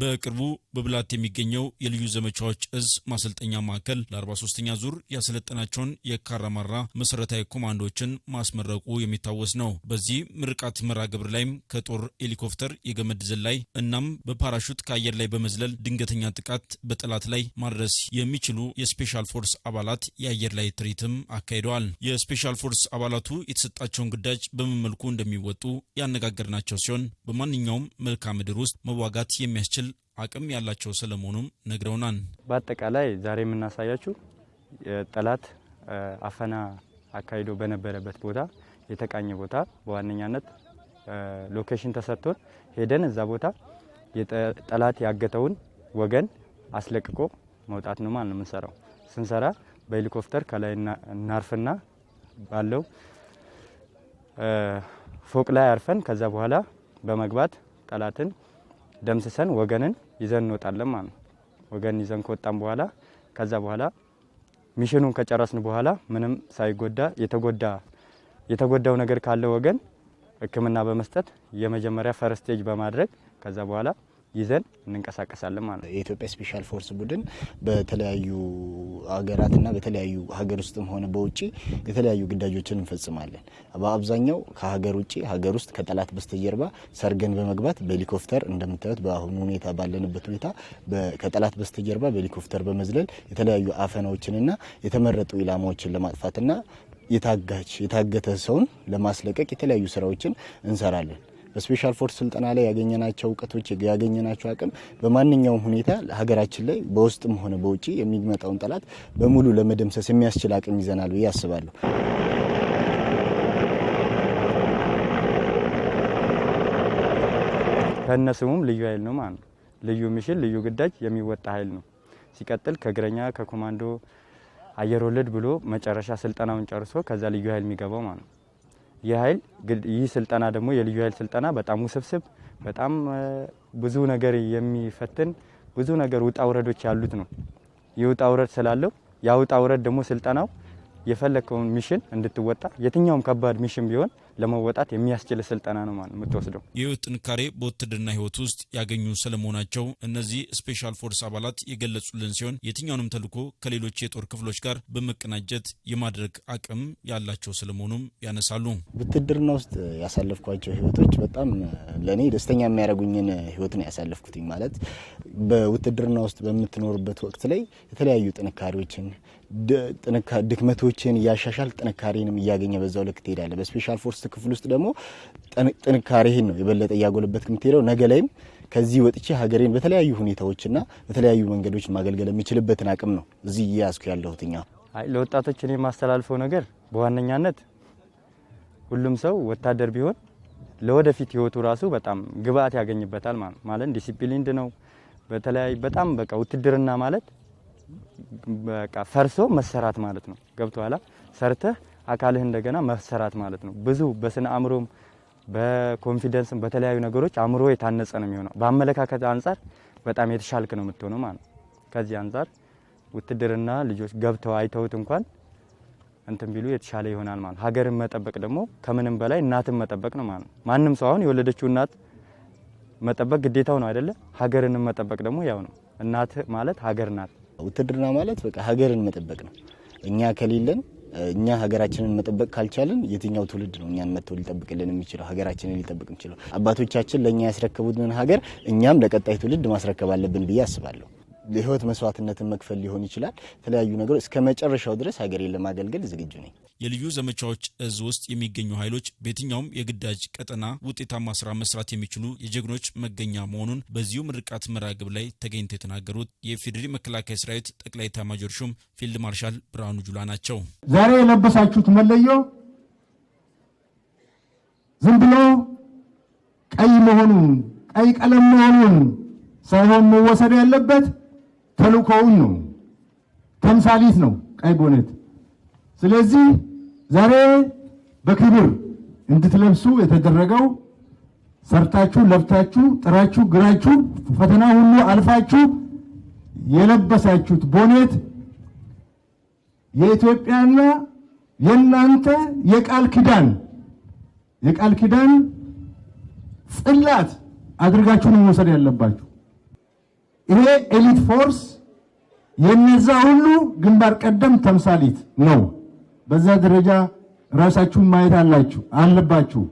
በቅርቡ በብላት የሚገኘው የልዩ ዘመቻዎች እዝ ማሰልጠኛ ማዕከል ለ43ኛ ዙር ያሰለጠናቸውን የካራማራ መሰረታዊ ኮማንዶዎችን ማስመረቁ የሚታወስ ነው። በዚህ ምርቃት መርሃ ግብር ላይም ከጦር ሄሊኮፕተር የገመድ ዝላይ እናም በፓራሹት ከአየር ላይ በመዝለል ድንገተኛ ጥቃት በጠላት ላይ ማድረስ የሚችሉ የስፔሻል ፎርስ አባላት የአየር ላይ ትርኢትም አካሂደዋል። የስፔሻል ፎርስ አባላቱ የተሰጣቸውን ግዳጅ በምን መልኩ እንደሚወጡ ያነጋገርናቸው ሲሆን በማንኛውም መልክዓ ምድር ውስጥ መዋጋት የሚያስችል አቅም ያላቸው ስለመሆኑም ነግረውናል። በአጠቃላይ ዛሬ የምናሳያችሁ ጠላት አፈና አካሂዶ በነበረበት ቦታ የተቃኘ ቦታ በዋነኛነት ሎኬሽን ተሰጥቶን ሄደን እዛ ቦታ ጠላት ያገተውን ወገን አስለቅቆ መውጣት ነው ማለት ነው የምንሰራው። ስንሰራ በሄሊኮፕተር ከላይ እናርፍና ባለው ፎቅ ላይ አርፈን ከዛ በኋላ በመግባት ጠላትን ደምስሰን ወገንን ይዘን እንወጣለን ማለት ነው። ወገን ይዘን ከወጣን በኋላ ከዛ በኋላ ሚሽኑን ከጨረስን በኋላ ምንም ሳይጎዳ የተጎዳ የተጎዳው ነገር ካለ ወገን ሕክምና በመስጠት የመጀመሪያ ፈርስቴጅ በማድረግ ከዛ በኋላ ይዘን እንንቀሳቀሳለን ማለት ነው። የኢትዮጵያ ስፔሻል ፎርስ ቡድን በተለያዩ ሀገራትና በተለያዩ ሀገር ውስጥም ሆነ በውጭ የተለያዩ ግዳጆችን እንፈጽማለን። በአብዛኛው ከሀገር ውጭ፣ ሀገር ውስጥ ከጠላት በስተጀርባ ሰርገን በመግባት በሄሊኮፕተር እንደምታዩት በአሁኑ ሁኔታ ባለንበት ሁኔታ ከጠላት በስተጀርባ በሄሊኮፕተር በመዝለል የተለያዩ አፈናዎችንና የተመረጡ ኢላማዎችን ለማጥፋትና የታጋች የታገተ ሰውን ለማስለቀቅ የተለያዩ ስራዎችን እንሰራለን። በስፔሻል ፎርስ ስልጠና ላይ ያገኘናቸው እውቀቶች ያገኘናቸው አቅም በማንኛውም ሁኔታ ሀገራችን ላይ በውስጥም ሆነ በውጭ የሚመጣውን ጠላት በሙሉ ለመደምሰስ የሚያስችል አቅም ይዘናል ብዬ አስባለሁ። ከነስሙም ልዩ ኃይል ነው ማለት ነው። ልዩ ሚሽን ልዩ ግዳጅ የሚወጣ ኃይል ነው። ሲቀጥል ከእግረኛ ከኮማንዶ አየር ወለድ ብሎ መጨረሻ ስልጠናውን ጨርሶ ከዛ ልዩ ኃይል የሚገባው ማለት ነው። ይህ ኃይል ይህ ስልጠና ደግሞ የልዩ ኃይል ስልጠና በጣም ውስብስብ በጣም ብዙ ነገር የሚፈትን ብዙ ነገር ውጣ ውረዶች ያሉት ነው። ይህ ውጣ ውረድ ስላለው ያ ውጣ ውረድ ደግሞ ስልጠናው የፈለግከውን ሚሽን እንድትወጣ የትኛውም ከባድ ሚሽን ቢሆን ለመወጣት የሚያስችል ስልጠና ነው ማለት የምትወስደው። የህይወት ጥንካሬ በውትድርና ህይወት ውስጥ ያገኙ ስለመሆናቸው እነዚህ ስፔሻል ፎርስ አባላት የገለጹልን ሲሆን የትኛውንም ተልዕኮ ከሌሎች የጦር ክፍሎች ጋር በመቀናጀት የማድረግ አቅም ያላቸው ስለመሆኑም ያነሳሉ። ውትድርና ውስጥ ያሳለፍኳቸው ህይወቶች በጣም ለእኔ ደስተኛ የሚያደርጉኝን ህይወት ነው ያሳለፍኩትኝ። ማለት በውትድርና ውስጥ በምትኖርበት ወቅት ላይ የተለያዩ ጥንካሬዎችን ድክመቶችን እያሻሻል ጥንካሬንም እያገኘ በዛው ልክ ትሄዳለ። በስፔሻል ፎርስ ክፍል ውስጥ ደግሞ ጥንካሬህን ነው የበለጠ እያጎለበትክ የምትሄደው። ነገ ላይም ከዚህ ወጥቼ ሀገሬን በተለያዩ ሁኔታዎችና በተለያዩ መንገዶች ማገልገል የምችልበትን አቅም ነው እዚህ እያያዝኩ ያለሁት። እኛ ለወጣቶች እኔ የማስተላልፈው ነገር በዋነኛነት ሁሉም ሰው ወታደር ቢሆን ለወደፊት ህይወቱ ራሱ በጣም ግብአት ያገኝበታል። ማለት ዲሲፕሊንድ ነው። በተለያዩ በጣም በቃ ውትድርና ማለት በቃ ፈርሶ መሰራት ማለት ነው። ገብቶሃል? ሰርተህ አካልህ እንደገና መሰራት ማለት ነው። ብዙ በስነ አእምሮም በኮንፊደንስም በተለያዩ ነገሮች አእምሮ የታነጸ ነው የሚሆነው። በአመለካከት አንጻር በጣም የተሻልክ ነው የምትሆነው ማለት ነው። ከዚህ አንጻር ውትድርና ልጆች ገብተው አይተውት እንኳን እንትን ቢሉ የተሻለ ይሆናል ማለት ነው። ሀገርን መጠበቅ ደግሞ ከምንም በላይ እናትን መጠበቅ ነው ማለት ነው። ማንም ሰው አሁን የወለደችው እናት መጠበቅ ግዴታው ነው አይደለ? ሀገርን መጠበቅ ደግሞ ያው ነው። እናት ማለት ሀገር ናት። ውትድርና ማለት በቃ ሀገርን መጠበቅ ነው። እኛ ከሌለን እኛ ሀገራችንን መጠበቅ ካልቻልን የትኛው ትውልድ ነው እኛን መጥቶ ሊጠብቅልን የሚችለው? ሀገራችንን ሊጠብቅ የሚችለው አባቶቻችን ለእኛ ያስረከቡትን ሀገር እኛም ለቀጣይ ትውልድ ማስረከብ አለብን ብዬ አስባለሁ። የህይወት መስዋዕትነትን መክፈል ሊሆን ይችላል። የተለያዩ ነገሮች እስከ መጨረሻው ድረስ ሀገሬን ለማገልገል ዝግጁ ነኝ። የልዩ ዘመቻዎች እዝ ውስጥ የሚገኙ ኃይሎች በየትኛውም የግዳጅ ቀጠና ውጤታማ ስራ መስራት የሚችሉ የጀግኖች መገኛ መሆኑን በዚሁ ምርቃት መራግብ ላይ ተገኝተው የተናገሩት የፌዴሪ መከላከያ ሰራዊት ጠቅላይ ኤታማዦር ሹም ፊልድ ማርሻል ብርሃኑ ጁላ ናቸው። ዛሬ የለበሳችሁት መለዮ ዝም ብሎ ቀይ መሆኑን ቀይ ቀለም መሆኑን ሳይሆን መወሰድ ያለበት ተልእኮውን ነው፣ ተምሳሊት ነው ቀይ ቦኔት ስለዚህ ዛሬ በክብር እንድትለብሱ የተደረገው ሰርታችሁ ለፍታችሁ ጥራችሁ ግራችሁ ፈተና ሁሉ አልፋችሁ የለበሳችሁት ቦኔት የኢትዮጵያና የእናንተ የቃል ኪዳን የቃል ኪዳን ጽላት አድርጋችሁ ነው መውሰድ ያለባችሁ። ይሄ ኤሊት ፎርስ የነዛ ሁሉ ግንባር ቀደም ተምሳሌት ነው። በዛ ደረጃ ራሳችሁን ማየት አላችሁ አለባችሁ።